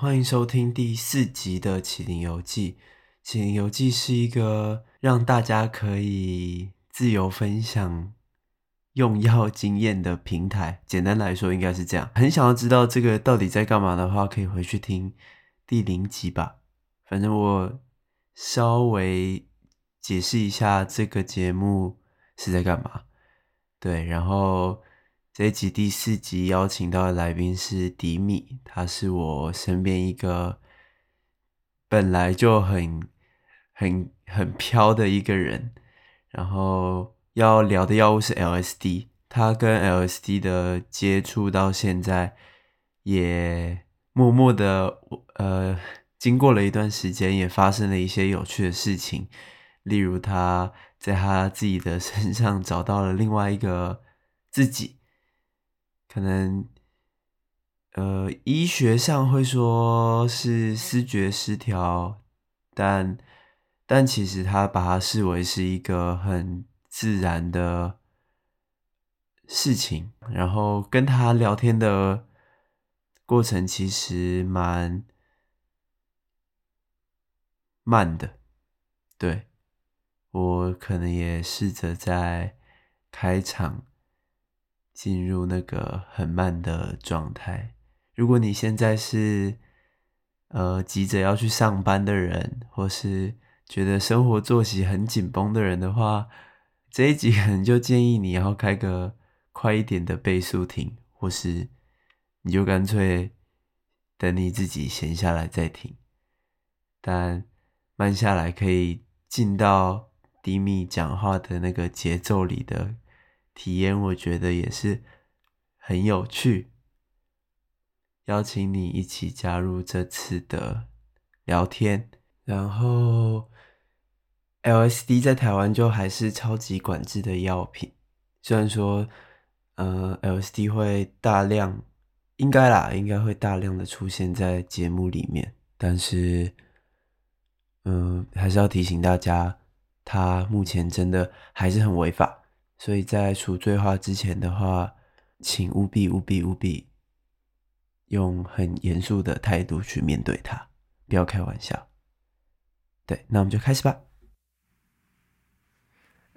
歡迎收聽第四集的《啟靈遊記》。《啟靈遊記》是一個讓大家可以自由分享用藥經驗的平台。簡單來說，應該是這樣。很想要知道這個到底在幹嘛的話，可以回去聽第零集吧。反正我稍微解釋一下這個節目是在幹嘛。對，然後。這集第四集邀請到的來賓是迪米，他是我身邊一個本來就很很很飄的一個人，然後要聊的藥物是 LSD，他跟 LSD 的接觸到現在也默默的呃，經過了一段時間，也發生了一些有趣的事情，例如他在他自己的身上找到了另外一個自己。可能，呃，醫學上會說是思覺失調，但但其實他把它視為是一個很自然的事情。然後跟他聊天的過程其實蠻慢的，對。我可能也試着在開場進入那個，很慢的狀態。如果你現在是呃急着要去上班的人，或是覺得生活作息很緊繃的人的話，這一集可能就建議你要開個快一點的倍速聽，或是你就乾脆等你自己閒下來再聽。但慢下來可以進到 Dimi 講話的那個節奏裡的。體驗我覺得也是很有趣，邀請你一起加入這次的聊天。然後，LSD 在台灣就還是超級管制的藥品，雖然說，呃，LSD 會大量，應該啦，應該會大量的出現在節目裡面，但是，嗯，還是要提醒大家，它目前真的還是很違法。所以在除罪化之前的話，請務必、務必、務必用很嚴肅的態度去面對它，不要開玩笑。對，那我們就開始吧。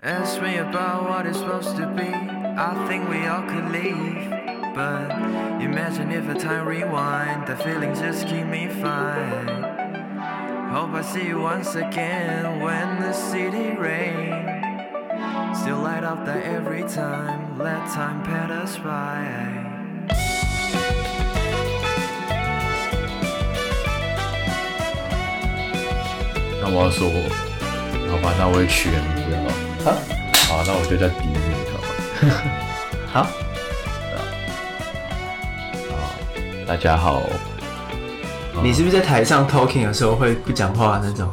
Ask me about what it's supposed to be, I think we all could leave, but imagine if a time rewind, the feeling just keep me fine. Hope I see you once again, when the city rains. 那我要說，好吧，那我也取個名字哦。啊？好，那我就叫 ㄉㄧˊㄇㄧˇ 好。好吧、 啊。大家好、啊。你是不是在台上 talking 的時候會不講話那種？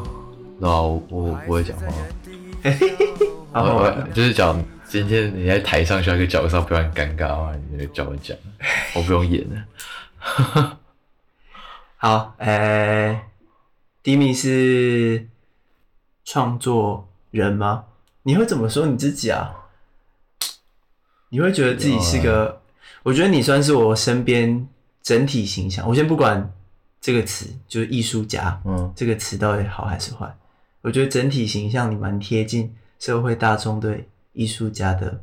那、啊、我，我不會講話。 我就是講，今天你在台上需要一個角色，不要很尷尬的、啊、話，你就叫我講， 我不用演了 好，哎、欸，迪米是創作人嗎？你會怎麼說你自己啊？你會覺得自己是個？Oh. 我覺得你算是我身邊整體形象。我先不管這個詞，就是藝術家，嗯，這個詞到底好還是壞？我覺得整體形象你蠻貼近。社會大眾對藝術家的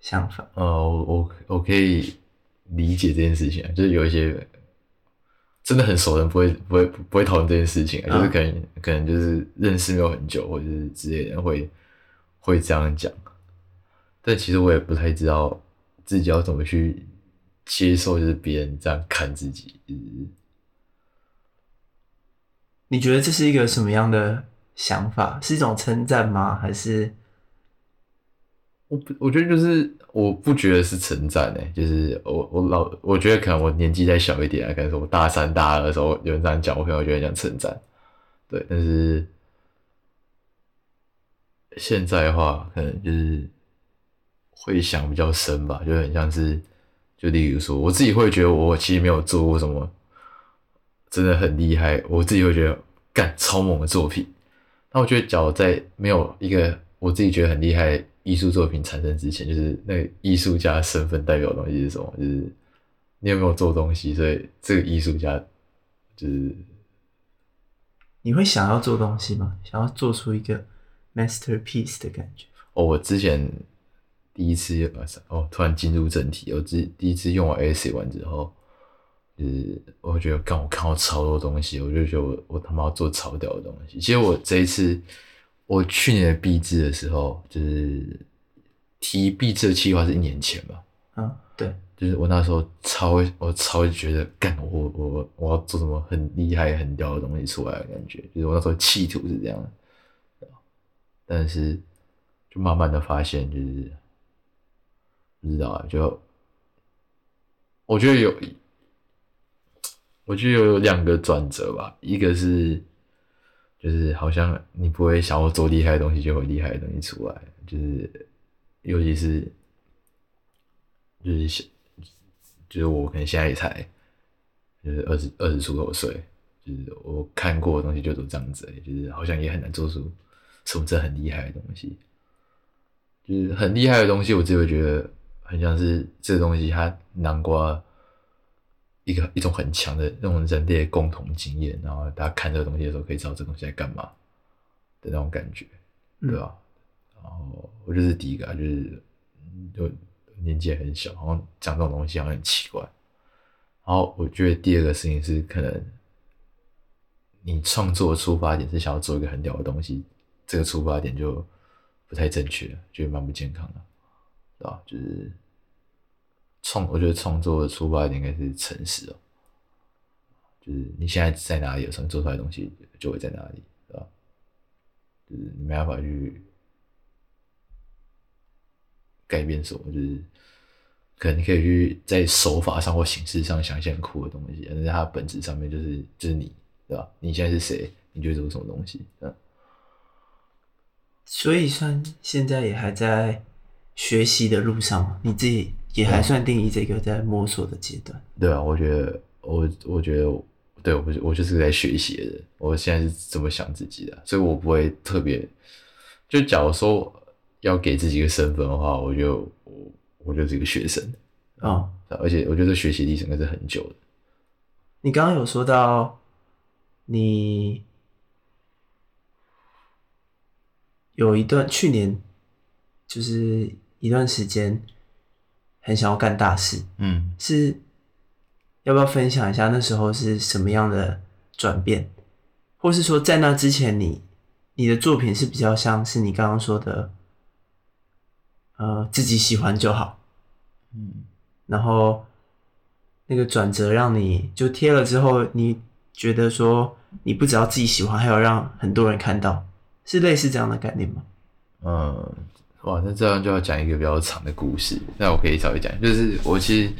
想法，呃、uh,，我我我可以理解這件事情啊，就是有一些真的很熟的人不會不會不會討論這件事情啊，就是可能、uh. 可能就是認識沒有很久或者是之類的會會這樣講，但其實我也不太知道自己要怎麼去接受，就是別人這樣看自己、就是，你覺得這是一個什麼樣的？想法是一種稱讚嗎？還是我不我覺得就是我不覺得是稱讚呢，就是我我老我覺得可能我年紀再小一點啊，可能說我大三大二的時候有人這樣講我，可能我覺得很像稱讚，對。但是現在的話，可能就是會想比較深吧，就很像是就例如說我自己會覺得我其實沒有做過什麼真的很厲害，我自己會覺得幹超猛的作品。那我覺得，假如在沒有一個我自己覺得很厲害藝術作品產生之前，就是那個藝術家身份代表的東西是什麼？就是你有沒有做東西？所以這個藝術家就是你會想要做東西嗎？想要做出一個 masterpiece 的感覺？哦，我之前第一次哦，突然進入正題。我之第一次用完 A4 完之後。就是我覺得，幹我看到超多東西，我就覺得我我他媽要做超屌的東西。其實我這一次，我去年的畢制的時候，就是提畢制的計劃是一年前嘛。嗯、啊，對，就是我那時候超我超覺得，幹我我我要做什麼很厲害很屌的東西出來的感覺，就是我那時候企圖是這樣的。但是就慢慢的發現，就是不知道啊就，我覺得有。我覺得有兩個轉折吧，一個是就是好像你不會想我做厲害的東西，就會厲害的東西出來，就是尤其是就是就是，就是我可能現在也才就是二十二十出頭歲，就是我看過的東西就都這樣子，就是好像也很難做出什麼這很厲害的東西，就是很厲害的東西，我就會覺得很像是這東西它南瓜。一個一種很強的那種人類的共同經驗，然後大家看這個東西的時候，可以知道這個東西在幹嘛的那種感覺、嗯，對吧？然後我就是第一個，就是就年紀也很小，然後講這種東西好像很奇怪。然後我覺得第二個事情是，可能你創作的出發點是想要做一個很屌的東西，這個出發點就不太正確了，就蠻不健康的，啊，就是。創，我覺得創作的出發點應該是誠實哦，就是你現在在哪裡，有時候做出來的東西就會在哪裡，對吧？就是你沒辦法去改變什麼，就是可能你可以去在手法上或形式上想一些很酷的東西，但是它本質上面就是就是你，對吧？你現在是誰？你就做個什麼東西？嗯，所以算現在也還在學習的路上，你自己。也還算定義這個在摸索的階段、嗯。對啊，我覺得我，我覺得，對我，我我就是在學習的。我現在是這麼想自己的，所以我不會特別。就假如說要給自己一個身份的話，我就我我就是一個學生啊、哦，而且我覺得學習歷程應該是很久的。你剛剛有說到，你有一段去年就是一段時間。很想要幹大事，嗯，是要不要分享一下那時候是什麼樣的轉變，或是說在那之前你你的作品是比較像是你剛剛說的，呃，自己喜歡就好，嗯，然後那個轉折讓你就貼了之後，你覺得說你不只要自己喜歡，還要讓很多人看到，是類似這樣的概念嗎？嗯。哇，那這樣就要講一個比較長的故事。那我可以稍微講，就是我其實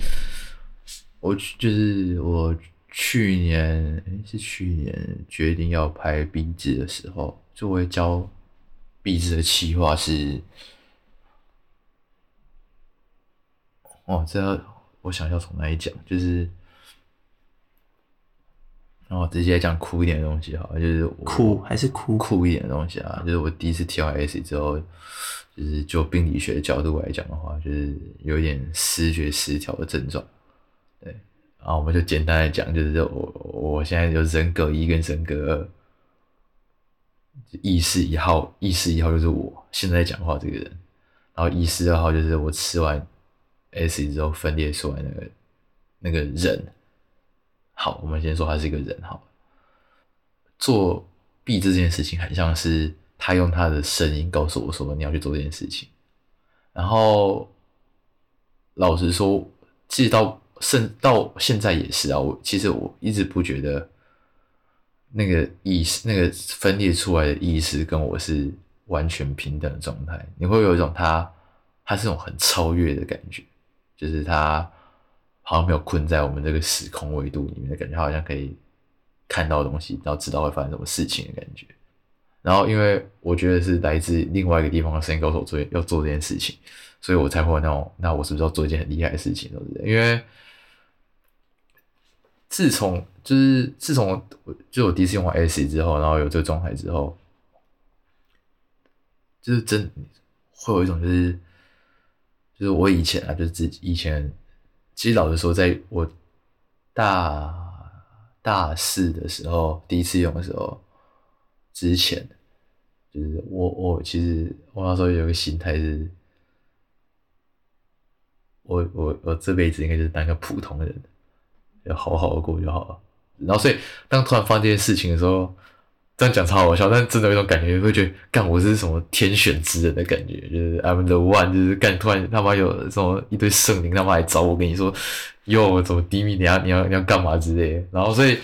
我就是我去年欸，是去年決定要拍畢製的時候，作為教畢製的企劃，就是，哇，這我想要從哪裡講？就是哦，直接講酷一點的東西好，就是酷還是酷酷一點的東西啊，就是我第一次跳 S 之後。就是就病理學的角度來講的話，就是有一點思覺失調的症狀，對。然後我們就簡單的講，就是我我現在就人格一跟人格二，意識一號，意識一號就是我現在講話這個人，然後意識二號就是我吃完 S 之後分裂出來那個那個人。好，我們先說他是一個人，好，做 B 這件事情很像是。他用他的聲音告訴我說：“說你要去做這件事情。”然後，老實說，其實到甚到現在也是啊。我其實我一直不覺得那個意識、那個分裂出來的意識跟我是完全平等的狀態。你會，會有一種他，他是一種很超越的感覺，就是他好像沒有困在我們這個時空維度裡面的感覺，他好像可以看到東西，然後知道會發生什麼事情的感覺。然後，因為我覺得是來自另外一個地方的神仙高手，所以要做這件事情，所以我才會那種，那我是不是要做一件很厲害的事情？對不對？因為自從就是自從就我第一次用完 S 之後，然後有這個狀態之後，就是真會有一種就是就是我以前啊，就是自己以前，其實老實說在我大大四的時候，第一次用的時候之前。我我其實，我那時候有個心態是我，我我我這輩子應該就是當個普通人，要好好的過就好了。然後，所以當突然發生這件事情的時候，這樣講超好笑，但真的有一種感覺，會覺得，幹我是什麼天選之人的感覺，就是 I'm the one，就是幹突然他媽有什麼一堆聖靈他媽來找我，跟你說，喲，怎麼低迷，你要你要你要幹嘛之類的。然後，所以，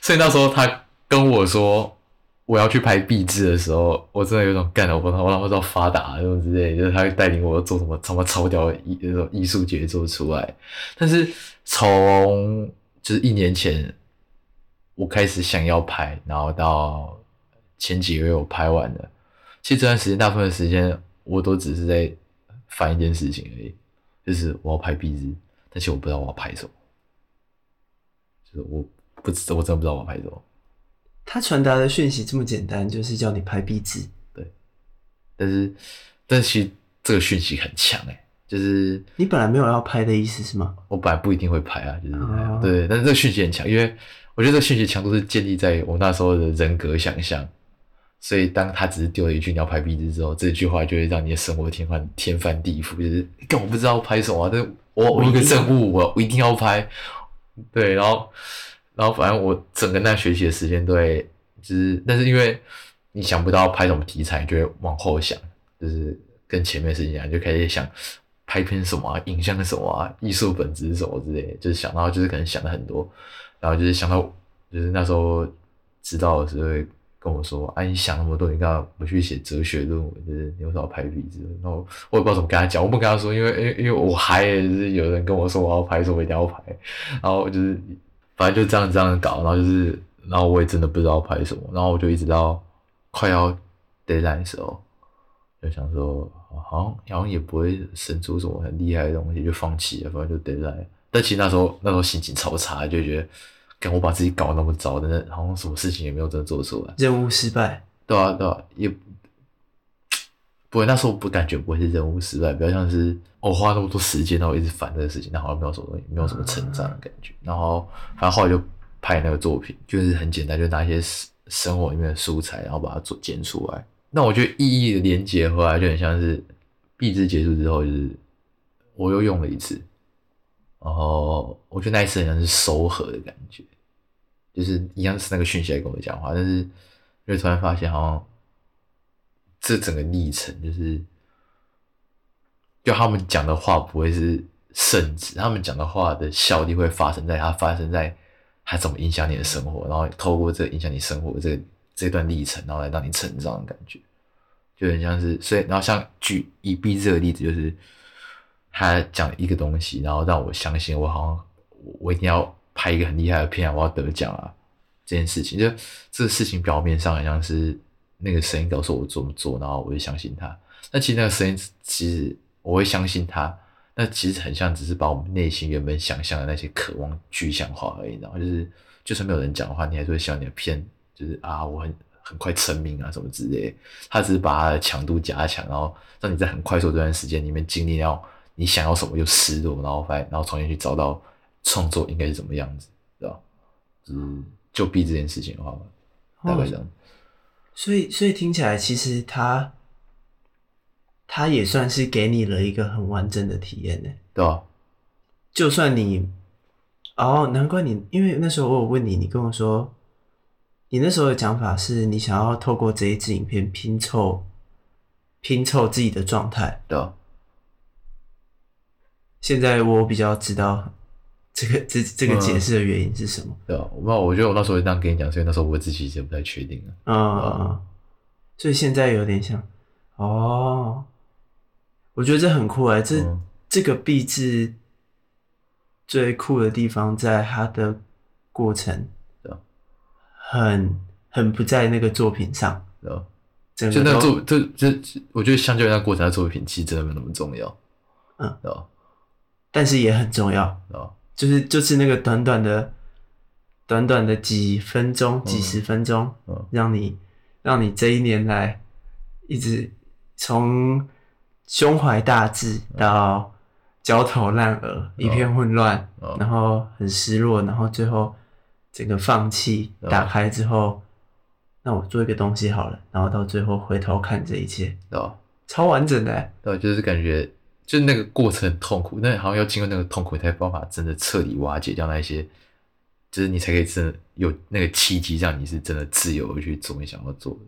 所以那時候他跟我說。我要去拍壁紙的時候，我真的有種幹了我，我他媽要發達那種之類的，就是他帶領我做什麼什麼超屌的藝那種藝術節做出來。但是從就是一年前我開始想要拍，然後到前幾個月我拍完了。其實這段時間大部分的時間我都只是在煩一件事情而已，就是我要拍壁紙，但其實我不知道我要拍什麼，就是我不知道，我真的不知道我要拍什麼。他傳達的訊息這麼簡單，就是叫你拍壁紙。對，但是，但是這個訊息很強哎、欸，就是你本來沒有要拍的意思是嗎？我本來不一定會拍啊，就是、哦、對。但是這個訊息很強，因為我覺得這個訊息強度是建立在我那時候的人格想象。所以當他只是丟了一句你要拍壁紙之後，這句話就會讓你的生活天翻天翻地覆，就是根本不知道拍什麼、啊。但是我我，我有個任務、啊，我我一定要拍。對，然後。然後反正我整個那學習的時間對，就是但是因為你想不到拍什麼題材，就會往後想，就是跟前面的事情一、啊、樣，就開始想拍片什麼、啊、影像什麼、啊、藝術本質什麼之類的，就是想到就是可能想了很多，然後就是想到就是那時候知道的時候，就會跟我說：“啊，你想那麼多，你幹嘛不去寫哲學論文？就是你為啥拍筆子？”然後我也不知道怎麼跟他講，我不跟他說，因為因為因為我還、欸就是有人跟我說我要拍，所以我一定要拍，然後就是。反正就這樣這樣搞，然後就是，然後我也真的不知道拍什麼，然後我就一直到快要 deadline 的時候，就想說，好像好像也不會生出什麼很厲害的東西，就放棄了，反正就 deadline。但其實那時候那時候心情超差，就覺得，跟我把自己搞那麼糟，但是，好像什麼事情也沒有真的做出來，任務失敗。對啊對啊，也。不會，那時候不感覺不會是任務失敗，比較像是我花那麼多時間，然後一直煩這個事情，然後沒有什麼東西沒有什麼成長的感覺，然後然後，後來就拍那個作品，就是很簡單，就是、拿一些生生活裡面的素材，然後把它做剪出來。那我覺得意義的連接後來就很像是畢製結束之後，就是我又用了一次，然後我覺得那一次很像是收合的感覺，就是一樣是那個訊息來跟我講話，但是又突然發現好像。這整個歷程就是，就他們講的話不會是聖旨，他們講的話的效力會發生在他發生在他怎麼影響你的生活，然後透過這影響你生活的這個、這段歷程，然後來讓你成長的感覺，就很像是，所以然後像舉一例這個例子，就是他講一個東西，然後讓我相信我好像我一定要拍一個很厲害的片，我要得獎啊，這件事情就這個事情表面上好像是。那個聲音告訴我做不怎麼做，然後我就相信他。那其實那個聲音，其實我會相信他。那其實很像，只是把我們內心原本想象的那些渴望具象化而已。然後就是，就算沒有人講的話，你還是會想，你的片。就是啊，我很很快成名啊，什麼之類的。他只是把他的強度加強，然後讓你在很快速這段時間裡面經歷到你想要什麼就失落，然後反然，然後重新去找到創作應該是什麼樣子，知道？嗯，就逼、是、這件事情的話，哦、大概這樣。所以，所以聽起來其實他，他也算是給你了一個很完整的體驗呢？對。就算你，哦，難怪你，因為那時候我有問你，你跟我說，你那時候的講法是你想要透過這一支影片拼湊，拼湊自己的狀態。對。現在我比較知道。這個這這個解釋的原因是什麼？嗯、對啊、啊、不知道，我覺得我那時候會這樣跟你講，所以那時候我自己已經不太確定了。嗯嗯，嗯、啊、所以現在有點像哦，我覺得這很酷哎，這、嗯、這個壁紙最酷的地方在它的過程很、啊，很很不在那個作品上，真的、啊、現在做就就我覺得相較於它過程，的作品其實真的沒那麼重要，嗯，對吧、啊？但是也很重要，對吧、啊？對啊就是就是那個短短的、短短的幾分鐘、幾十分鐘、嗯嗯，讓你讓你這一年來一直從胸懷大志到焦頭爛額、嗯、一片混亂、嗯嗯，然後很失落，然後最後整個放棄。打開之後，那、嗯嗯、我做一個東西好了，然後到最後回頭看這一切，哦、嗯，超完整的、欸嗯，就是感覺。就那個過程很痛苦，那好像要經過那個痛苦，才有辦法真的徹底瓦解掉那一些，就是你才可以真的有那個契機，讓你是真的自由去做你想要做的。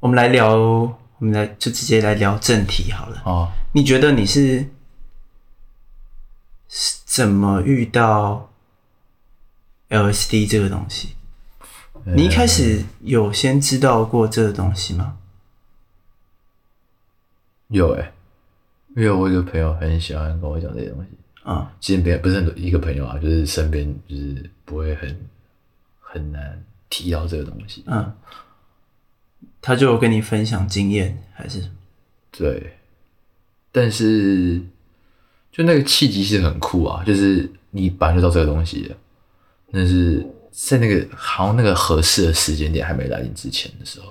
我們來聊，我們來就直接來聊正題好了。哦，你覺得你是是怎麼遇到 LSD 這個東西、嗯？你一開始有先知道過這個東西嗎？有哎、欸。因為我有個朋友很喜歡跟我講這些東西啊，身、嗯、別，不是很多一個朋友啊，就是身邊就是不會很很難提到這個東西。嗯，他就跟你分享經驗還是？對，但是就那個契機是很酷啊，就是你本來就知道這個東西，但是在那個好像那個合適的時間點還沒來臨之前的時候，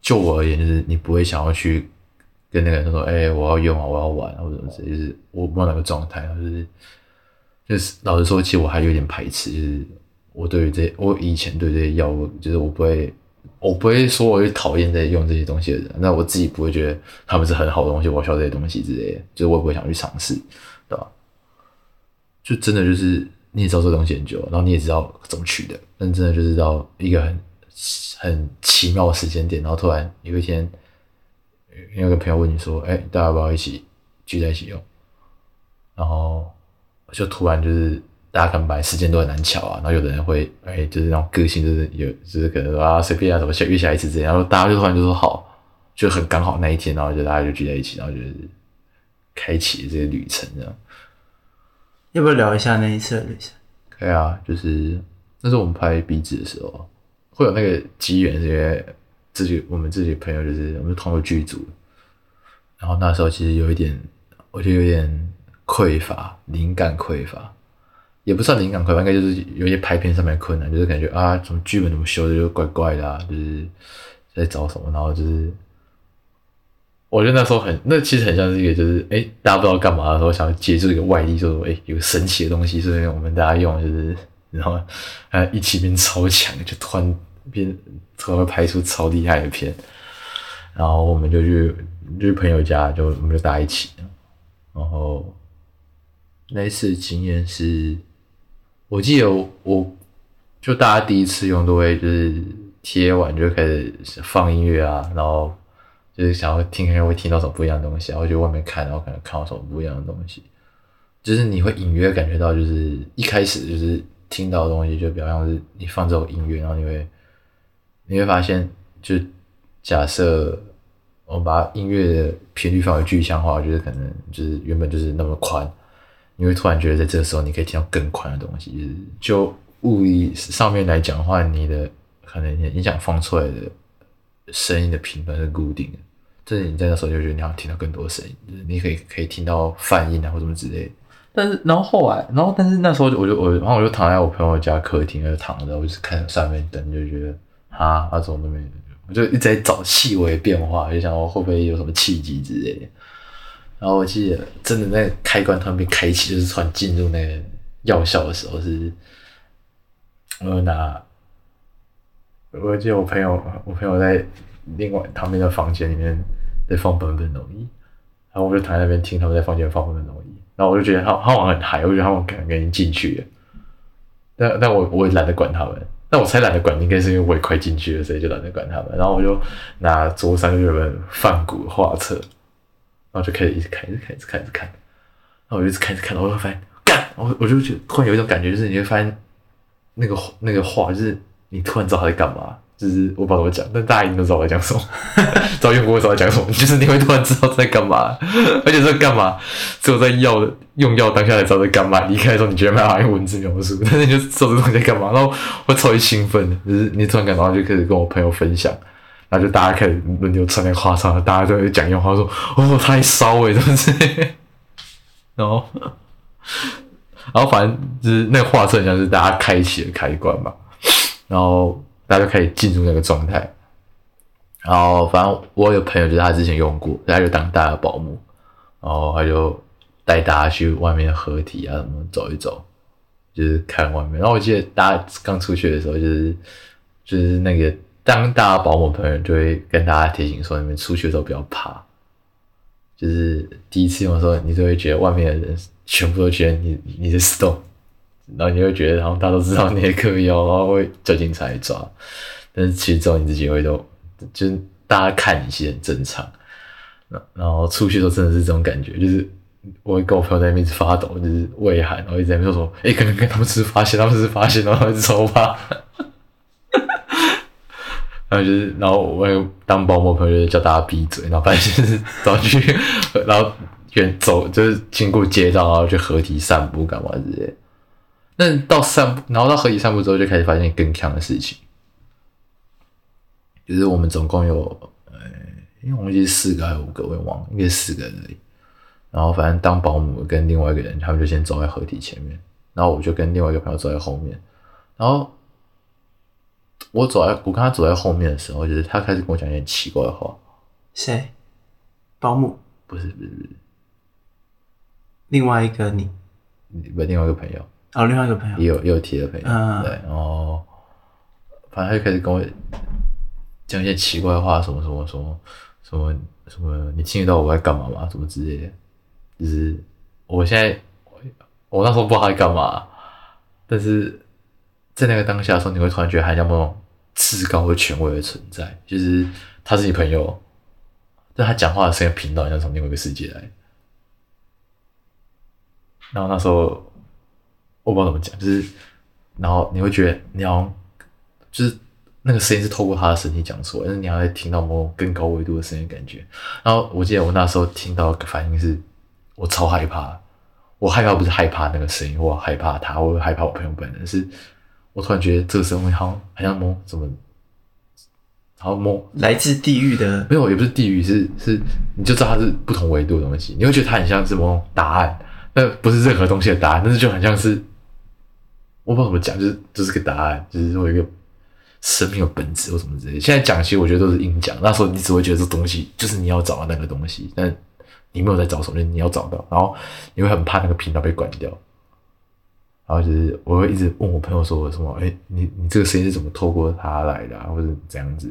就我而言就是你不會想要去。跟那個人說，說：“誒、欸，我要用啊，我要玩，或者是什麼之類的，就是我不我那個狀態，就是就是老實說，其實我還有點排斥，就是我對於這些我以前對這些藥物，就是我不會，我不會說我會討厭這些用這些東西的人，那我自己不會覺得他們是很好的東西，我需要這些東西之類，的，就是我也不會想去嘗試，對吧？就真的就是你也知道這東西很久，然後你也知道怎麼取的，但真的就是到一個很很奇妙的時間點，然後突然有一天。”因為有個朋友問你說：“誒，大家要不要一起聚在一起用？”然後就突然就是大家可能本來時間都很難巧啊，然後有的人會誒，就是那種個性，就是有就是可能說啊隨便啊什麼，想約下一次這樣，然後大家就突然就說好，就很剛好那一天，然後就大家就聚在一起，然後就是開啟這個旅程這樣。要不要聊一下那一次的旅程？可以啊，就是那時候我們拍壁紙的時候，會有那個機緣，是因為。自己我們自己的朋友就是，我們通過劇組，然後那時候其實有一點，我覺得有點匱乏，靈感匱乏，也不算靈感匱乏，應該就是有一些拍片上面困難，就是感覺啊，怎麼劇本怎麼修的就怪怪的啊，就是在找什麼，然後就是，我覺得那時候很，那其實很像是一個就是，誒，大家不知道幹嘛的時候，想要借助一個外力，就說，誒，有神奇的東西，所以我們大家用，就是，然後，啊，一起變超強，就突然。片從而拍出超厲害的片，然後我們就去就去朋友家，就我們就大家一起，然後那一次經驗是，我記得我，我，就大家第一次用都會就是貼完就開始放音樂啊，然後就是想要聽看會聽到什麼不一樣的東西，然後就外面看，然後可能看到什麼不一樣的東西，就是你會隱約感覺到，就是一開始就是聽到的東西就比較像是你放這種音樂，然後你會。你會發現，就假設我把音樂的頻率放的具象化，我覺得可能就是原本就是那麼寬，你會突然覺得在這個時候你可以聽到更寬的東西。就是、就物理上面來講的話，你的可能你想放出來的聲音的頻段是固定的，就是你在那時候就覺得你要聽到更多聲音，就是你可以可以聽到泛音啊或什麼之類的。但是然後後來，然後但是那時候我就我然後我就躺在我朋友家客廳，然後就躺着，我就是看上面燈，就覺得。啊，他從那邊，我就一直在找細微變化，就想我會不會有什麼契機之類的。然後我記得真的那個開關他們沒開啟，就是船進入那藥效的時候是，我有拿，我記得我朋友，我朋友在另外旁邊的房間裡面在放本本東西，然後我就躺在那邊聽他們在房間放本本錄音，然後我就覺得他他們很嗨，我覺得他們趕緊進去，但但我我也懶得管他們。那我才懶得管，應該是因為我也快進去了，所以就懶得管他們。然後我就拿桌上那本梵谷畫冊，然後就開始一,一,一直看，一直看，一直看。然後我就一直看着看着，然後我就會發現，幹，我我就覺突然有一種感覺，就是你會發現那個那個畫，就是你突然知道他在幹嘛。就是我不知道怎麼講，但大家一定都知道我在講什麼呵呵，知道用戶會知道在講什麼。就是你會突然知道在幹嘛，而且在幹嘛只有在藥用藥當下才知道在幹嘛。離開的時候你覺得沒辦法用文字描述，但是你就知道這東西，就知道你在幹嘛，然後我超級興奮，就是你突然感到，就開始跟我朋友分享，然後就大家開始輪流傳那畫冊，大家會講一句話說哦太燒哎，欸，是，就，不是？然後然後反正就是那個畫冊，好像是大家開啟的開關吧，然後。大家就可以進入那個狀態，然後反正我有朋友就是他之前用過，他就當大家保姆，然後他就帶大家去外面合體啊，什麼走一走，就是看外面。然後我記得大家剛出去的時候，就是就是那個當大家保姆朋友就會跟大家提醒說，你們出去的時候不要怕，就是第一次用的時候，你就會覺得外面的人全部都覺得你你是 stone 然後你會覺得，然後大家都知道你也嗑藥，哦，然後會叫警察來抓。但是其實這種你自己也會都就是大家看你是很正常。然然後出去的時候真的是這種感覺，就是我會跟我朋友在那邊一直發抖，就是胃寒，然後一直在那邊說：“誒，可能跟他們只是發現，他們是發現，然後走吧。 ” 然後就是，然後我會當保姆朋友就叫大家閉嘴，然後反正就是走去，然後遠走就是經過街道，然後去河堤散步幹嘛這些。但到散步，然後到河堤散步之後，就開始發現更鏘的事情，就是我們總共有，呃、欸，因為我們是四個還是五個，我也忘了，應該是四個而已。然後反正當保姆跟另外一個人，他們就先走在河堤前面，然後我就跟另外一個朋友走在後面。然後我走在，我跟他走在後面的時候，就是他開始跟我講一些奇怪的話。誰？保姆？不是，不是，另外一個你？不，另外一個朋友。然、哦、後另外一個朋友也有也有提的朋友、嗯，對，然後，反正他就開始跟我講一些奇怪的話，什麼什麼什麼什麼什麼，你聽得到我在幹嘛嗎？什麼之類的，就是我現在我那時候不知道他在幹嘛，但是在那個當下的時候，你會突然覺得他像某種至高和權威的存在，就是他是你朋友，但他講話的聲音頻道好像從另外一個世界來，然後那時候。我不知道怎麼講，就是，然後你會覺得你要，就是那個聲音是透過他的身體講出來，但是你要在聽到某種更高維度的聲音的感覺。然後我記得我那時候聽到的反應是我超害怕，我害怕不是害怕那個聲音，我害怕他，我害怕我朋友本人。是我突然覺得這個聲音好像好像某種，然後某來自地獄的沒有，也不是地獄，是是你就知道它是不同維度的東西，你會覺得它很像是某種答案，那不是任何東西的答案，但是就很像是。我不知道怎麼講，就是就是個答案，就是說一個生命的本質或什麼之類的。現在講，其實我覺得都是硬講。那時候你只會覺得這東西就是你要找到那個東西，但你沒有在找什麼，你、就是、你要找到，然後你會很怕那個頻道被關掉。然後就是我會一直問我朋友說：“什麼？誒、欸，你你這個聲音是怎麼透過它來的、啊，或者這樣子？”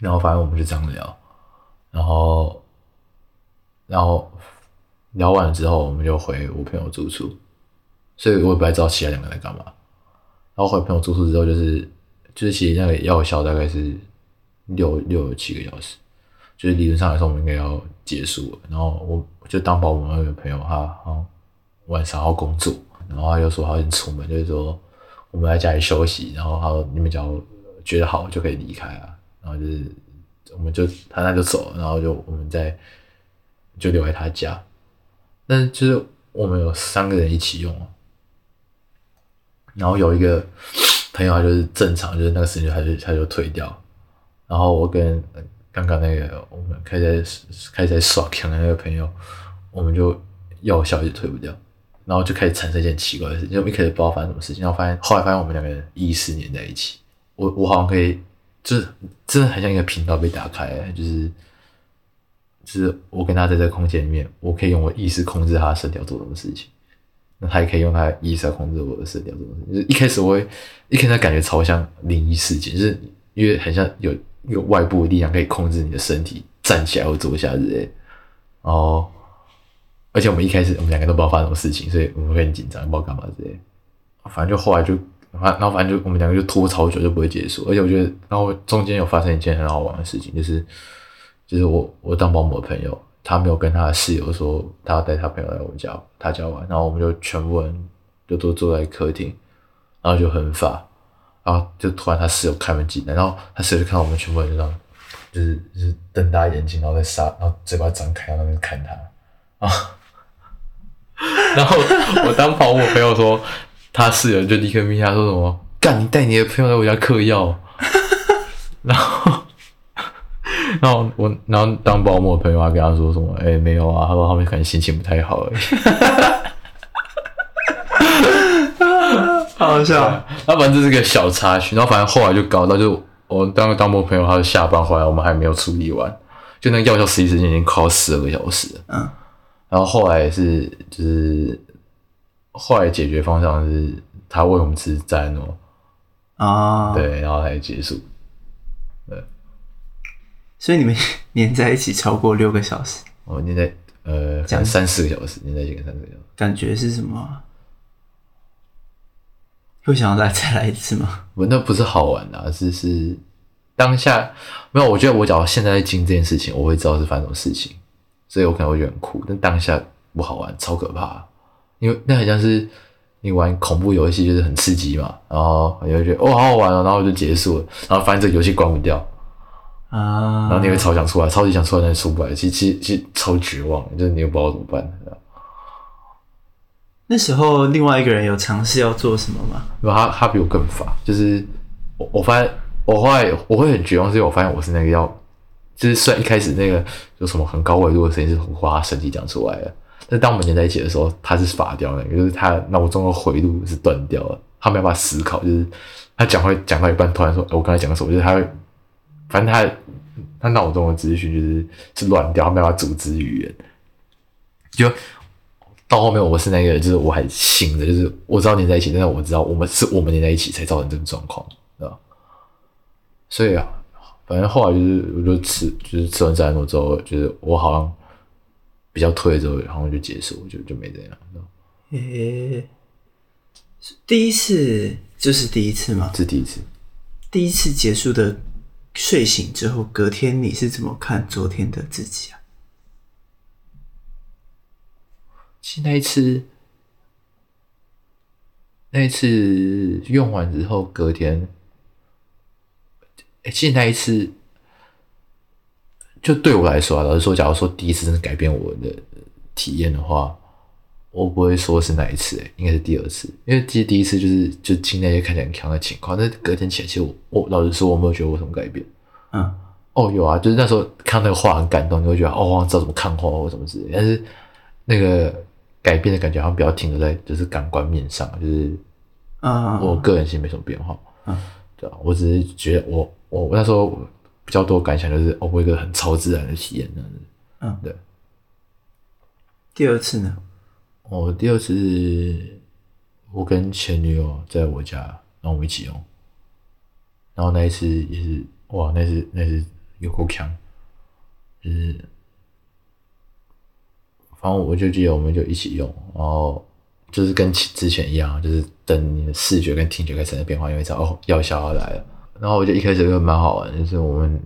然後反正我們就這樣聊，然後然後聊完了之後，我們就回我朋友住處。所以我也不太知道其他兩個人在幹嘛。然後回朋友住宿之後，就是就是其實那個藥效大概是六六七個小時，就是理論上來說我們應該要結束了。然後我就當保姆，我那個朋友他晚上要工作，然後他就說他要出門，就是說我們在家裡休息。然後他說你們只要覺得好就可以離開啊，然後就是我們就他那就走，然後就我們在就留在他家。但其實我們有三個人一起用。然後有一個朋友，他就是正常，就是那個聲音他就他就退掉。然後我跟剛剛那個我們開始在開始耍 K 的那個朋友，我們就藥效也退不掉，然後就開始產生一件奇怪的事情，就一開始不知道發生什麼事情，然後發現後來發現我們兩個人意識黏在一起，我我好像可以就是真的很像一個頻道被打開，就是就是我跟他在這個空間裡面，我可以用我意識控制他的聲調要做什麼事情。那他也可以用他的意識來控制我的身體，就是一開始我會一開始感覺超像靈異事件，就是因為很像有有外部的力量可以控制你的身體，站起來或坐下之類。哦，而且我們一開始我們兩個都不知道發生什麼事情，所以我們會很緊張，不知道幹嘛之類。反正就後來就反正然後反正就我們兩個就拖超久，就不會結束。而且我覺得，然後中間有發生一件很好玩的事情，就是就是我我當保姆的朋友。他沒有跟他的室友說，他要帶他朋友來我們家，他家玩。然後我們就全部人就都坐在客廳，然後就很煩。然後就突然他室友開門進來，然後他室友就看到我們全部人就這樣就是就是瞪大眼睛，然後在殺，然後嘴巴張開那邊，然後在看他啊。 然後我當跑我朋友說，他室友就立刻眯下，說什麼：“幹，你帶你的朋友來我家嗑藥。”然後。然後我，我，然後當保姆的朋友還跟他說什麼？誒、欸，沒有啊，他說他們可能心情不太好而、欸、已。哈哈哈！哈哈！哈哈！哈好笑。他反正這是個小插曲。然後反正後來就搞到，就我當當保姆的朋友，他就下班回來，我們還沒有處理完，就那個藥效實際時間已經靠十二個小時了。嗯。然後後來是就是後來解決方向是他餵我們吃贊安諾、喔、哦，啊，對，然後才結束。所以你們黏在一起超過六個小時？哦，黏在呃，講三四個小時，黏在一起三四個小時。感覺是什麼？會、嗯、想要再再來一次嗎？我那不是好玩的、啊，是是當下沒有。我覺得我假如現在在經歷這件事情，我會知道是發生什麼事情，所以我可能會覺得很酷。但當下不好玩，超可怕、啊，因為那好像是你玩恐怖遊戲就是很刺激嘛，然後你會覺得哦好好玩哦、啊，然後就結束了，然後發現這個遊戲關不掉。啊！然後你會超想出來，超級想出來，但是出不來。其實其實其超絕望，就是你又不知道怎麼辦。那時候，另外一個人有嘗試要做什麼嗎？因為他他比我更乏，就是我我發現我後來我會很絕望，是因為我發現我是那個要，就是雖然一開始那個有什麼很高維度的聲音是花身體講出來的，但是當我們連在一起的時候，他是乏掉的、那個，也就是他腦中的回路是斷掉了，他沒有辦法思考，就是他講話講到一半，突然說：“我剛才講的什麼？”就是他會。反正他他腦中的資訊就是是亂掉，沒辦法組織語言。就到後面我是那個人，就是我還醒着，就是我知道連在一起，但是我知道我們是我們連在一起才造成這種狀況，對吧？所以啊，反正後來就是我就吃，就是吃完賽諾之後，就是我好像比較退了之後，然後就結束，就就沒這樣。誒、欸，第一次，就是第一次嗎？是第一次，第一次結束的。睡醒之後，隔天你是怎麼看昨天的自己啊？其實那一次，那一次用完之後，隔天，哎、欸，其實那一次，就對我來說啊，老實說，假如說第一次真的改變我的體驗的話。我不會說是哪一次，欸，應該是第二次，因為其實一次就是就聽那些看起來很強的情況，但是隔天起來，其實我我老實說我沒有覺得我什麼改變，嗯，哦，有啊，就是那時候看那個畫很感動，你會覺得哦，我知道怎麼看畫或什麼之類的，但是那個改變的感覺好像比較停留在就是感官面上，就是，嗯，我個人是沒什麼變化，嗯，嗯對啊，我只是覺得我我那時候比較多感想就是哦，我一個很超自然的體驗。嗯，對，第二次呢？我、哦、第二次，我跟前女友在我家，然後我們一起用，然後那一次也是，哇，那次那次有夠鏘，就是，反正我就記得，我們就一起用，然後就是跟之前一樣，就是等你的視覺跟聽覺開始變化，你會知道喔，藥效要來了。然後我就一開始就蠻好玩，就是我們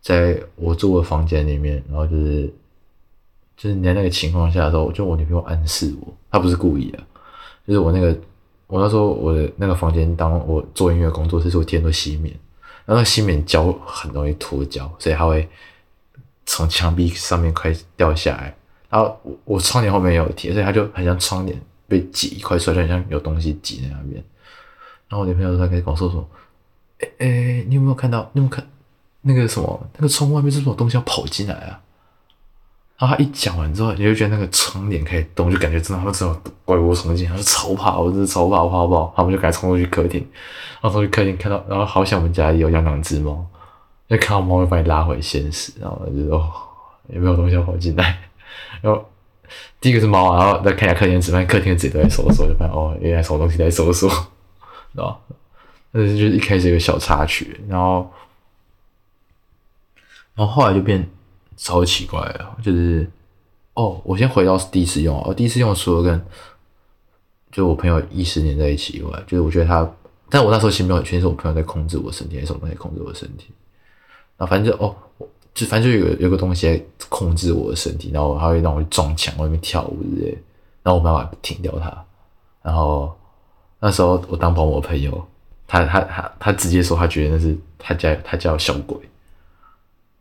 在我住的房間裡面，然後就是。就是你在那個情況下的時候，就我女朋友暗示我，她不是故意的、啊。就是我那個，我那時候我的那個房間，當我做音樂工作的時候，天都熄滅。然後吸音棉膠很容易脫膠，所以它會從牆壁上面快掉下來。然後我我窗簾後面也有貼，所以它就很像窗簾被擠一塊出來，就像有東西擠在那邊。然後我女朋友就開始跟我說，說：“誒、欸欸，你有沒有看到？你有沒有看那個什麼？那個窗外面是不是有東西要跑進來啊？”然後他一講完之後，你就覺得那個窗簾可以動，就感覺真的他真的怪物衝進來，他就超怕，我真是超怕，我怕好不好？他們就趕緊衝過去客廳，然後衝出去客廳看到，然後好像我們家裡有養兩隻貓，就看到貓會把你拉回現實，然後就說有沒有東西要跑進來？然後第一個是貓，然後再看一下客廳，發現客廳的自己都在搜索，就發現哦，原來什麼東西在搜索，知道吧？那就一開始有個小插曲，然後，然後後來就變。超奇怪啊！就是哦，我先回到第一次用，哦，第一次用除了跟就我朋友意識連在一起以外，就是我覺得他，但我那時候其實沒有確定是我朋友在控制我身體，還是什麼東西控制我的身體。然後反正就哦，就反正就有有個東西在控制我的身體，然後他會讓我撞牆，外面跳舞之類，然後我沒辦法停掉它。然後那時候我當保姆的朋友，我朋友，他他他他直接說他覺得那是他家，他家有小鬼，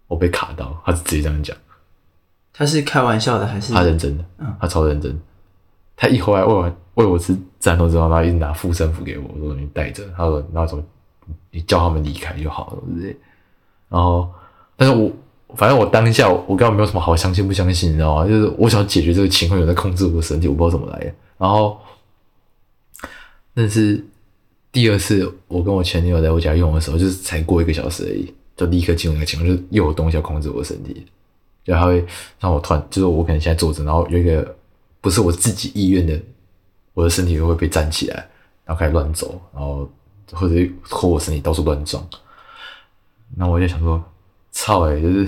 我被卡到，他是直接這樣講。他是開玩笑的還是？他認真的，嗯，他超認真。他一回來餵我餵我吃戰鬥之王，他一直拿護身符給我，我說你帶着。他說那種，你叫他們離開就好了，對不對？然後，但是我反正我當下我根本沒有什麼好相信不相信，你知道嗎？就是我想解決這個情況，有在控制我的身體，我不知道怎麼來。然後，那是第二次我跟我前女友在我家用的時候，就是才過一個小時而已。就立刻進入那個情況，就是又有東西要控制我的身體，就他會讓我突然，就是我可能現在坐着，然後有一個不是我自己意願的，我的身體就會被站起來，然後開始亂走，然後或者拖我身體到處亂撞。那我就想說，操誒、欸，就是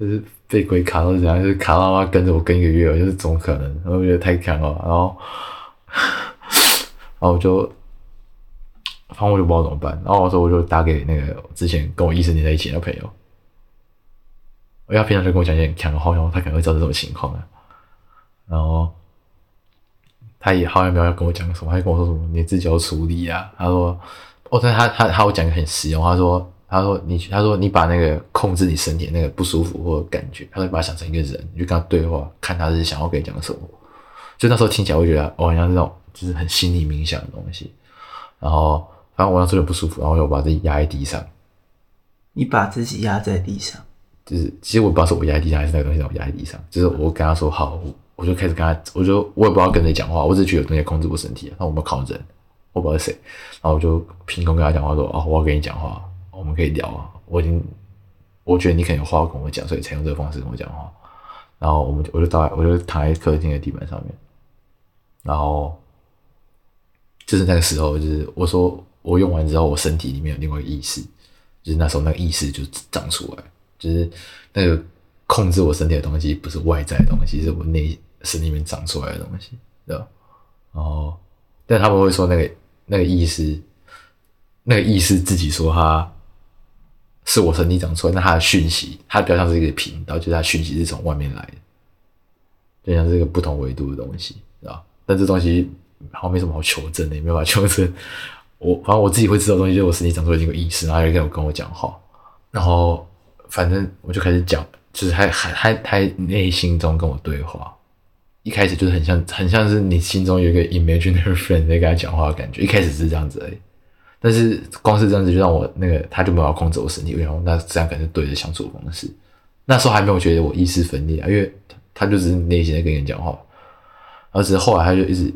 就是被鬼卡到是怎樣，就是卡了嘛，跟着我跟一個月，就是怎麼可能，然後我覺得太強了，然後，然後我就。然後我就不知道怎麼辦，然後我說我就打給那個之前跟我一直黏在一起那個朋友，我要平常就跟我講一些講的話，然後他可能會知道這種情況、啊。然後他也好像沒有要跟我講什麼，他就跟我說什麼你自己要處理啊。他說，哦、但是他他他他我他他他會講得很實用。他說，他說你他說你把那個控制你身體的那個不舒服或者感覺，他會把他想成一個人，你就跟他對話，看他是想要跟你講什麼。就那時候聽起來會覺得哦，好像這種就是很心理冥想的東西，然後。然、啊、後我腰真的不舒服，然後我就把自己壓在地上。你把自己壓在地上？就是其實我不知道是我壓在地上，還是那個東西讓我壓在地上。就是我跟他說好我，我就開始跟他，我就我也不知道跟誰講話，我只覺得有東西控制我身體。然後我們考人，我不知道是誰，然後我就憑空跟他講話說：“哦、啊，我要跟你講話，我們可以聊。”啊。我已經我覺得你可能有話要跟我講，所以才用這個方式跟我講話。然後我們我就到，我就躺在客廳的地板上面，然後就是那個時候，就是我說。我用完之後，我身體裡面有另外一個意識，就是那時候那個意識就長出來，就是那個控制我身體的東西不是外在的東西，是我內身裡面長出來的東西，對吧？哦，但他們會說那個那個意識，那個意識、那個、自己說它是我身體長出來，那它的訊息，它比較像是一個頻道，就是它訊息是從外面來的，就像是一個不同維度的東西，對吧？但這東西好像沒什麼好求證的，也沒辦法求證。我反正我自己會知道的東西，就是我身體長出了一個意識，然後他就開始跟我講話，然後反正我就開始講，就是他他他他內心中跟我對話，一開始就是很像很像是你心中有一個 imaginary friend 在跟他講話的感覺，一開始是這樣子而已。但是光是這樣子就讓我那個他就沒有要控制我身體，然後那這樣感覺是對着相處的方式。那時候還沒有覺得我意識分裂啊，因為他就是內心在跟人講話，而且後來他就一直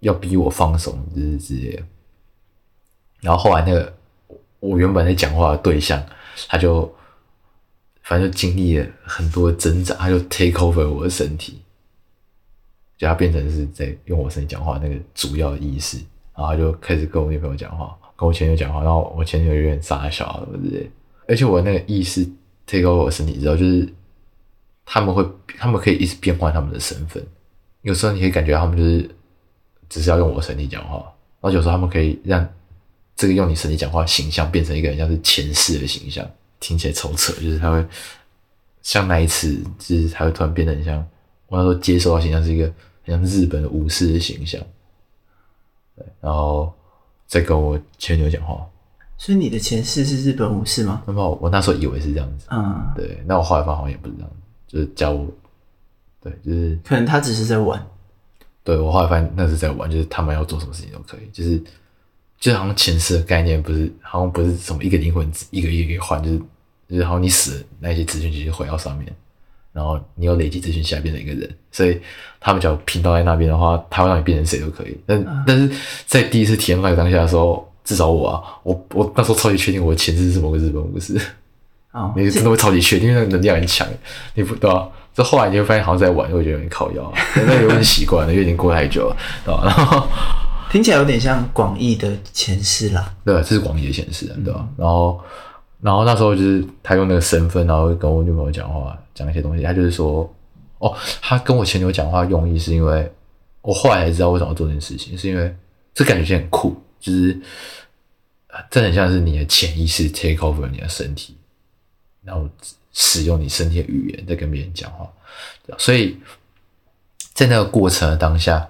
要逼我放鬆，就是直接然後後來那個我原本在講話的對象，他就反正就經歷了很多掙扎，他就 take over 我的身體，就他變成是在用我身體講話那個主要的意識，然後就開始跟我女朋友講話，跟我前女友講話。然後我前女友有點傻笑什麼之類。而且我那個意識 take over 我的身體之後，就是他們會他們可以一直變換他們的身份，有時候你可以感覺到他們就是只是要用我身體講話。然後有時候他們可以讓。這個用你身體講話，形象變成一個很像是前世的形象，聽起來超扯。就是他會像那一次，就是他會突然變得很像我那時候接受到的形象是一個很像日本武士的形象，對，然後再跟我牽牛講話。所以你的前世是日本武士嗎？嗯、那麼我,我那時候以為是這樣子。嗯，對，那我後來發現好像也不是這樣子，就是教我，對，就是可能他只是在玩。對我後來發現那是在玩，就是他們要做什麼事情都可以，就是。就好像前世的概念不是，好像不是從一個靈魂一個一個給換，就是就是好像你死，那些資訊其實回到上面，然後你有累積資訊，下變成一個人。所以他們只要頻道在那邊的話，他會讓你變成誰都可以。但、嗯、但是在第一次體驗到當下的時候，至少我啊，我我那時候超級確定我的前世是某個日本武士。啊、哦， 你是真的會超級確定，因為那個能量很強。你不，對啊？這後來你會發現，好像在玩，我覺得有點靠腰、啊，但有點習慣了， 因為已經過太久了。對啊、然後。聽起來有點像廣義的前世啦。對，這是廣義的前世啊，對吧？嗯。然後，然後那時候就是他用那個身份，然後跟我女朋友講話，講一些東西。他就是說，哦，他跟我前女友講話用意是因為，我後來才知道為什麼要做這件事情，是因為這感覺很酷，就是，這很像是你的潛意識 take over 你的身體，然後使用你身體的語言在跟別人講話，對吧？所以在那個過程的當下。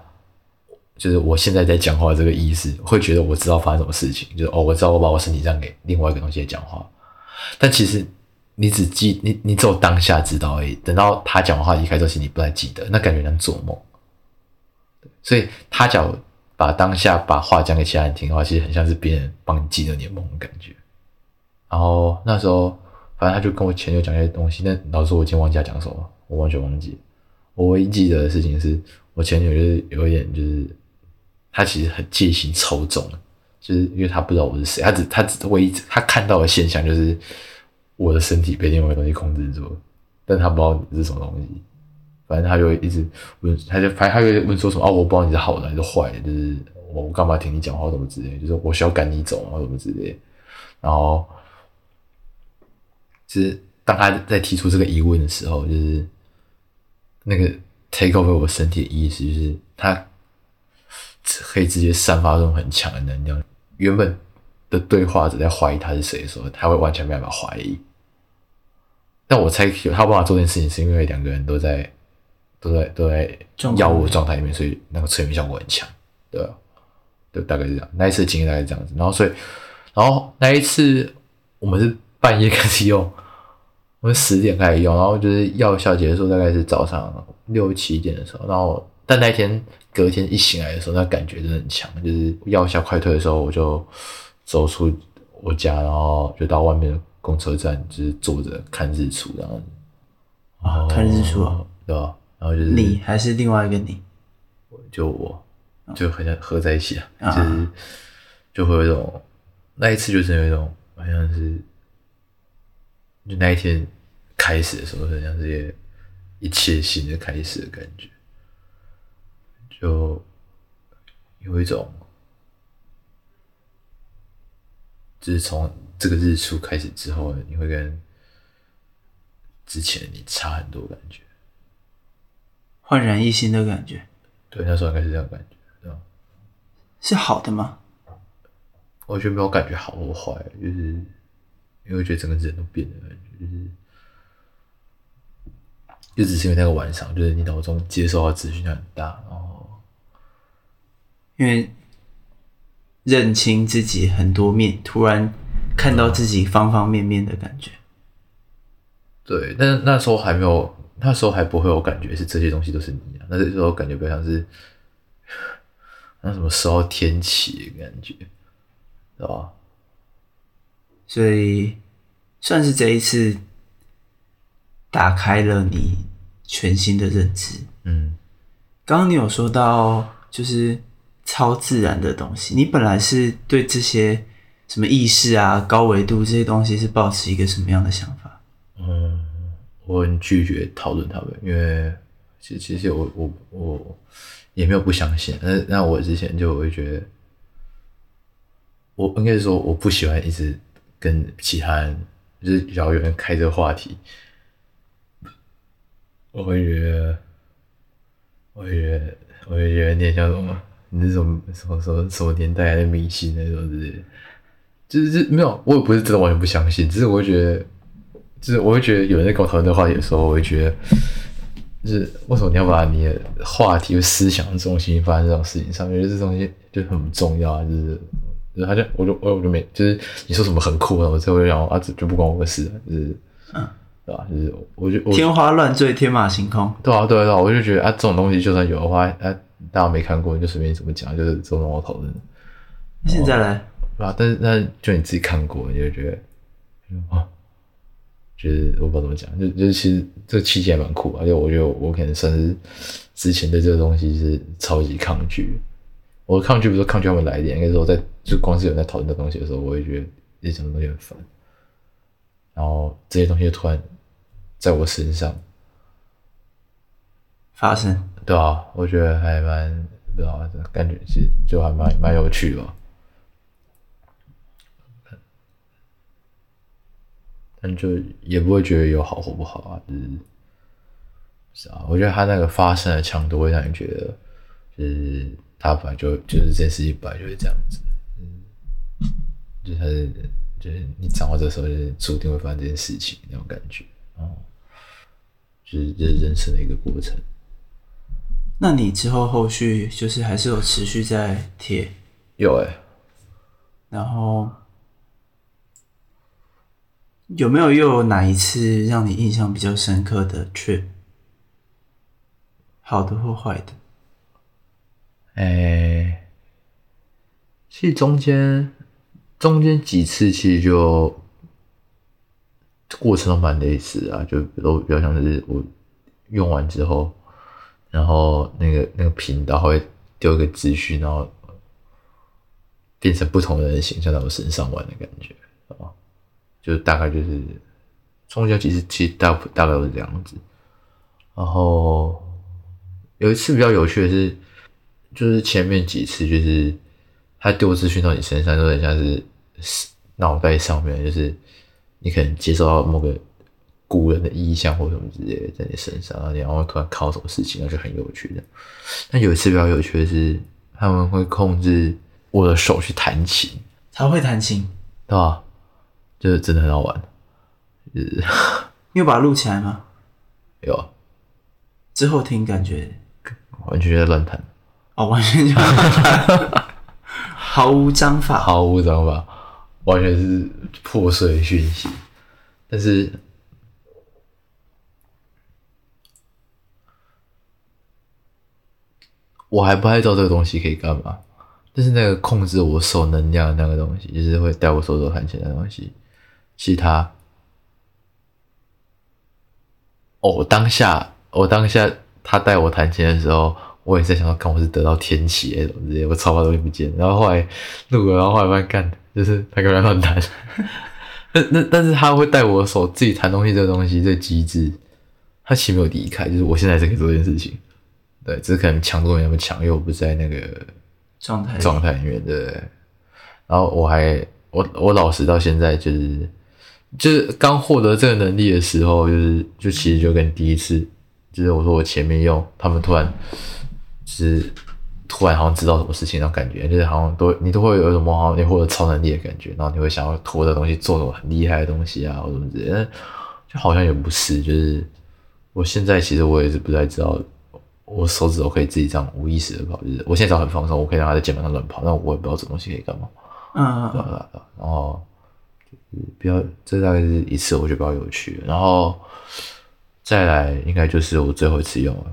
就是我現在在講話這個意識，會覺得我知道發生什麼事情，就是哦，我知道我把我身體讓給另外一個東西在講話。但其實你只記你你只有當下知道而已，等到他講的話離開之後，其實你不太記得，那感覺像做夢。所以他講把當下把話講給其他人聽的話，其實很像是別人幫你記得你夢的，的感覺。然後那時候反正他就跟我前女友講一些東西，那老實說我已經忘記他講什麼，我完全忘記。我唯一記得的事情是我前女友就是有點就是。他其實很戒心超重，就是因為他不知道我是誰，他只他只會一直他看到的現象就是我的身體被另外一個東西控制住，但他不知道你是什麼東西，反正他會一直問，他就反正他會問說什麼啊？我不知道你是好的還是壞的，就是我幹嘛聽你講話，怎麼之類的，就是我需要趕你走啊，怎麼之類的，然後其實、就是、當他在提出這個疑問的時候，就是那個 take over 我身體的意思，就是他。可以直接散發這種很強的能量。原本的對話者在懷疑他是誰的時候，他會完全沒辦法懷疑。但我猜有他有辦法做這件事情，是因為兩個人都在都在都在藥物狀態裡面，所以那個催眠效果很強。對，就大概是這樣。那一次經歷大概是這樣子。然後，所以，然後那一次我們是半夜開始用，我們十點開始用，然後就是藥效結束大概是早上六七點的時候，然後。但那一天，隔天一醒來的時候，那感覺真的很強。就是藥效快退的時候，我就走出我家，然後就到外面的公車站，就是坐着看，看日出，然後啊，看日出啊，對吧？啊？然後就是你還是另外一個你，就我，就很像合在一起啊，就是就會有一種那一次就是有一種，好像是就那一天開始的時候，很像這些一切新的開始的感覺。就有一種，就是從這個日出開始之後呢，你會跟之前你差很多感覺，煥然一新的感覺。對，那時候應該是這樣的感覺，是好的嗎？我覺得沒有感覺好或壞，就是因為我覺得整個人都變了，就是，就只是因為那個晚上，就是你腦中接收到的資訊量很大，然後。因為認清自己很多面，突然看到自己方方面面的感覺。嗯、對，但那，那時候還沒有，那時候還不會有感覺，是這些東西都是你。那時候感覺比較像是，那什麼時候天氣的感覺，是吧？所以算是這一次打開了你全新的認知。嗯，剛剛你有說到，就是。超自然的東西，你本來是對這些什麼意識啊、高維度這些東西是抱持一個什麼樣的想法？嗯，我很拒絕討論他們，因為其其實我我我也沒有不相信，但那我之前就會覺得，我應該是說我不喜歡一直跟其他人就是老有人開這個話題，我會覺得，我會覺得，我會覺得有點像什麼。你是什麼什什什麼年代的迷信？那種之類、就是，就是是沒有，我也不是真的完全不相信。只是我會覺得，就是我會覺得有人在跟我討論這個話題的時候，我會覺得，就是為什麼你要把你的話題或思想的中心放在這種事情上面？因、就、為、是、這東西就很重要。啊。就是，然後就我就我我就沒，就是你說什麼很酷，我最後然後啊，這就不關我的事了，就是嗯，對吧？就是我就天花亂墜、天馬行空，對啊，對啊，對啊，我就覺得啊，這種東西就算有的話，哎、啊。大家沒看過，你就隨便怎麼講，就是總跟我討論的。現在來，哦、啊，但是那就你自己看過，你就覺得，啊，就、哦、是我不知道怎麼講，就就是其實這期間也蠻酷，而且我覺得我，我可能算是之前的這個東西是超級抗拒，我抗拒不是抗拒我們來一點，那時候在就光是有人在討論這東西的時候，我也覺得這些東西很煩，然後這些東西就突然在我身上發生。對啊，我覺得還蠻，對啊，感覺是就還蠻蠻有趣的，但就也不會覺得有好或不好啊，就是，是啊，我覺得他那個發生的強度會讓你覺得，就是他本來就就是這件事情本來就會這樣子，嗯，就是就是你掌握這時候就是注定會發生這件事情那種感覺，就是這、就是人生的一個過程。那你之後後續就是還是有持續在貼？有誒、欸。然後有沒有又有哪一次讓你印象比較深刻的 trip？好的或壞的？誒、欸。其實中間中間幾次其實就過程都蠻類似啊，就都比較像是我用完之後。然後那個那個頻道會丟一個資訊，然後變成不同的人形象在我身上玩的感覺，哦，就大概就是，中間其實其實大大概都是這樣子。然後有一次比較有趣的是，就是前面幾次就是他丟資訊到你身上，有點像是腦袋上面，就是你可能接收到某個，古人的意象或什麼之類的在你身上，然後突然考什麼事情，那就很有趣的。但有一次比較有趣的是，他們會控制我的手去彈琴。才會彈琴，對吧？就是真的很好玩。呃、就是，你有把它錄起來嗎？ 有、啊。之後聽感覺完全就在亂彈。哦，完全就亂彈 毫無章法，毫無章法，完全是破碎訊息。但是。我還不太知道這個東西可以幹嘛，但是那個控制我手能量的那個東西，就是會帶我手走彈琴的東西。其他，哦，當下我，當下他帶我彈琴的時候，我也是在想到剛我是得到天啟還怎麼之類，我超怕東西不見，然後後來錄了，然後後來慢慢幹，就是他跟亂彈。那那但是他會帶我手自己彈東西這個東西這機制，他其實沒有離開，就是我現在是可以做這件事情。對，只是可能強度沒那麼強，因為我不在那個狀態狀態裡面的。然後我還我我老實到現在就是就是剛獲得這個能力的時候，就是就其實就跟你第一次，就是我說我前面用他們突然、就是突然好像知道什麼事情那種感覺，就是好像都你都會有一種好像你獲得超能力的感覺，然後你會想要拖的東西做什麼很厲害的東西啊，或什麼之類的，就好像也不是，就是我現在其實我也是不太知道。我手指頭可以自己這樣無意識的跑，就是我現在手很放鬆，我可以讓它在鍵盤上亂跑，但我也不知道這東西可以幹嘛。嗯，然後、就是、比較這大概是一次我覺得比較有趣，然後再來應該就是我最後一次用了，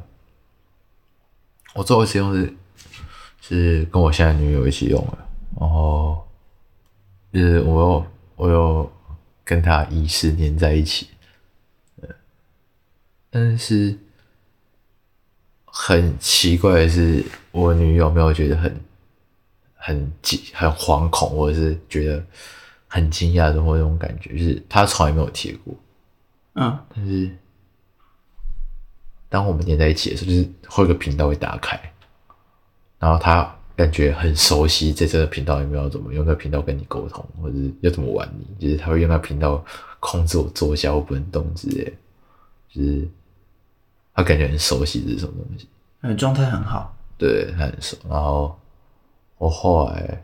我最後一次用是是跟我現在女友一起用了，然後就是我又我又跟她意識黏在一起，嗯，但是。很奇怪的是，我女友沒有覺得很很驚、很惶恐，或者是覺得很驚訝，或那種感覺，就是她從來沒有提過。嗯，但是當我們連在一起的時候，就是會有一個頻道會打開，然後她感覺很熟悉，在這個頻道有沒有，要怎麼用這個頻道跟你溝通，或者是要怎麼玩你，就是她會用那頻道控制我坐下，我不能動之類，就是。就感覺很熟悉，這種東西。那個狀態很好。對，很熟。然後我後來，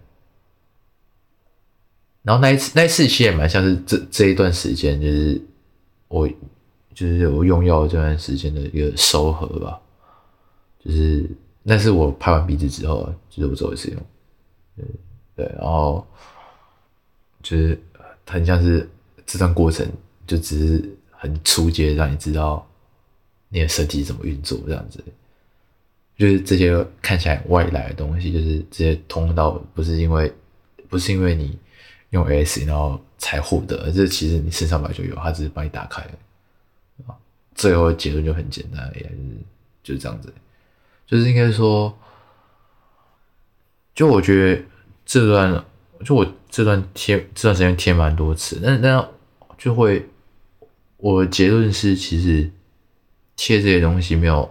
然後那一次，那一次其實也蠻像是這這一段時間，就是我就是我用藥這段時間的一個收合吧。就是那是我拍完鼻子之後，就是我最後一次用。對對，然後就是很像是這段過程，就只是很初階讓你知道。你的身體怎麼運作？這樣子，就是這些看起來外來的東西，就是這些通道，不是因為不是因為你用 A C 然後才獲得，而是其實你身上本來就有，它只是幫你打開了。最後結論就很簡單，也是就是這樣子，就是應該說，就我覺得這段，就我這段貼這段時間貼蠻多次，那那就會，我的結論是其實。切這些東西沒有，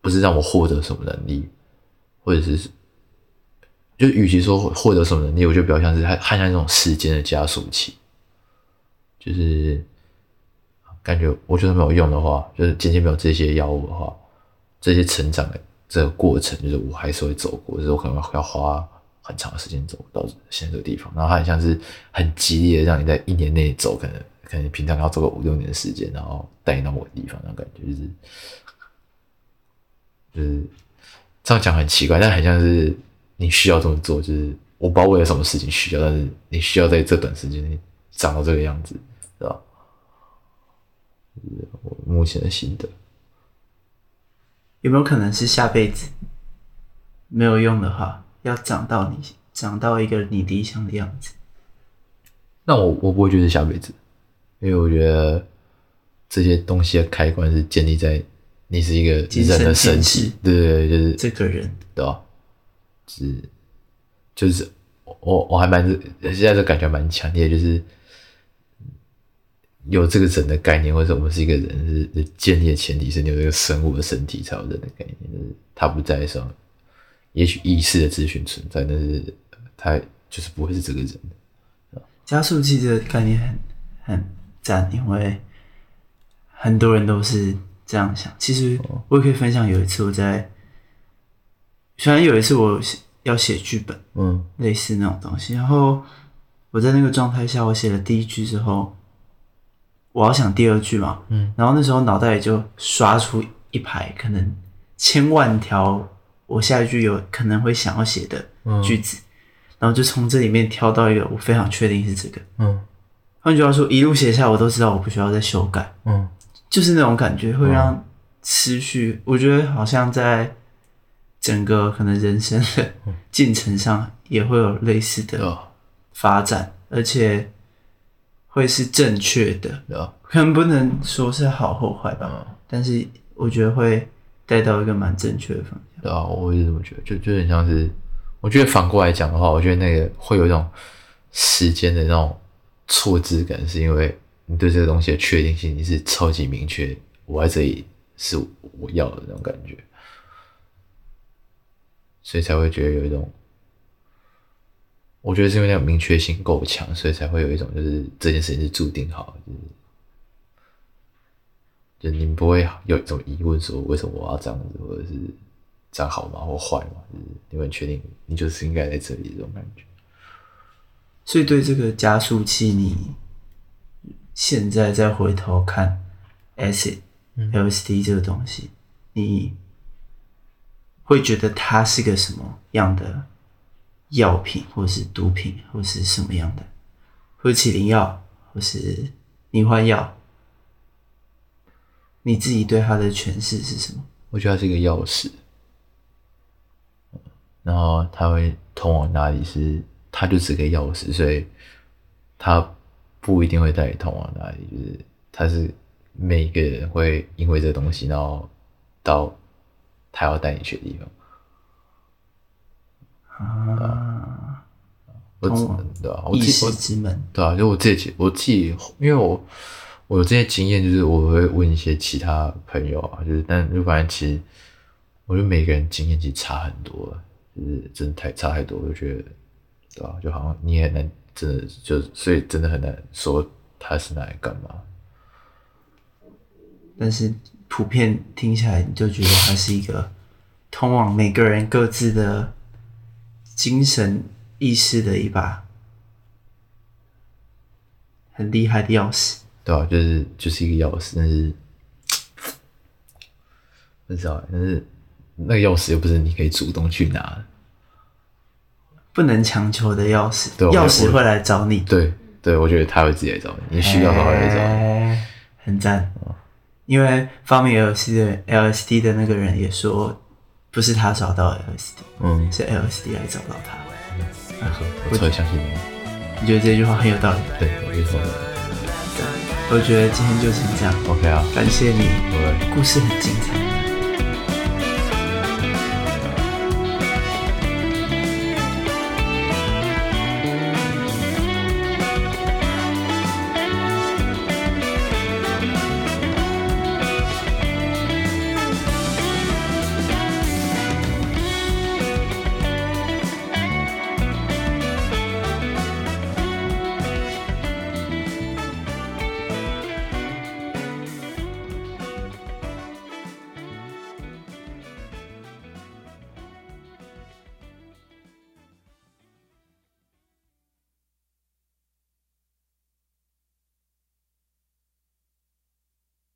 不是讓我獲得什麼能力，或者是就與其說獲得什麼能力，我就比較像是它，它像一種時間的加速器，就是感覺我覺得沒有用的話，就是僅僅沒有這些藥物的話，這些成長的這個過程，就是我還是會走過，就是我可能要花很長的時間走到現在這個地方。然後很像是很激烈的讓你在一年內走，可能。可能平常要做個五六年的時間，然後帶你到我的地方，那感覺就是，就是這樣講很奇怪，但很像是你需要這麼做。就是我不知道為了什麼事情需要，但是你需要在這段時間內長到這個樣子，知道？就是我目前的心得。有沒有可能是下輩子沒有用的話，要長到你長到一個你理想的樣子？那我我不會覺得下輩子，因為我覺得這些東西的開關是建立在你是一個人的身體，神對對，就是這個人，對吧？啊，是，就是我我還蠻現在的感覺蠻強烈，就是有這個人的概念，或者說我們是一個人，是建立的前提是你有這個生物的身體才有人的概念。就是他不在的時候，也許意識的資訊存在，但是他就是不會是這個人的。加速器的概念很很。讚，因為很多人都是這樣想。其實我也可以分享，有一次我在，雖然有一次我要寫劇本，嗯，類似那種東西。然後我在那個狀態下，我寫了第一句之後，我要想第二句嘛，嗯，然後那時候腦袋裡就刷出一排，可能千萬條我下一句有可能會想要寫的句子，嗯，然後就從這裡面挑到一個，我非常確定是這個，嗯。換句話說，一路寫下，我都知道我不需要再修改。嗯，就是那種感覺，會讓思緒、嗯，我覺得好像在整個可能人生的進程上，也會有類似的發展，嗯、而且會是正確的。啊、嗯，可能不能說是好或壞吧、嗯。但是我覺得會帶到一個蠻正確的方向、嗯。對啊，我一直這麼覺得。就就很像是，我覺得反過來講的話，我覺得那個會有一種時間的那種。錯置感，是因為你對這個東西的確定性，你是超級明確，我在這裡是我要的那種感覺，所以才會覺得有一種，我覺得是因為那種明確性夠強，所以才會有一種就是這件事情是注定好，就是，就你不會有一種疑問說為什麼我要這樣子，或者是這樣好嗎或壞嗎？就是你會確定你就是應該在這裡這種感覺。所以，對這個加速器，你現在再回頭看 acid, LSD 這個東西，嗯、你會覺得它是個什麼樣的藥品，或是毒品，或是什麼樣的，或者起靈藥，或是迷幻藥？你自己對它的詮釋是什麼？我覺得它是一個鑰匙，然後它會通往哪裡是？他就只給鑰匙，所以他不一定會帶你通往哪裡。就是他是每一個人會因為這個東西，然後到他要帶你去的地方啊。我只能對啊，意識之門，對啊。就我自己，我自己，因為我我有這些經驗，就是我會問一些其他朋友啊，就是但就反正其實我覺得每個人經驗其實差很多，就是真的太差太多，我就覺得。對吧、啊？就好像你也能，真的，就所以真的很難說它是拿來幹嘛。但是普遍聽起來，你就覺得它是一個通往每個人各自的，精神意識的一把很厲害的鑰匙。對啊，就是就是一個鑰匙，但是很少，但是那個鑰匙又不是你可以主動去拿。不能強求的鑰匙，鑰、okay, 匙會來找你。對，對我覺得他會自己來找你，你需要的話會來找你。很贊、嗯，因為發明 LSD 的那個人也說，不是他找到 LSD，嗯，是 LSD 來找到他。嗯啊、我特別相信你，你覺得這句話很有道理？對，我，說。對，我覺得今天就先這樣。OK 啊，感謝你，故事很精彩。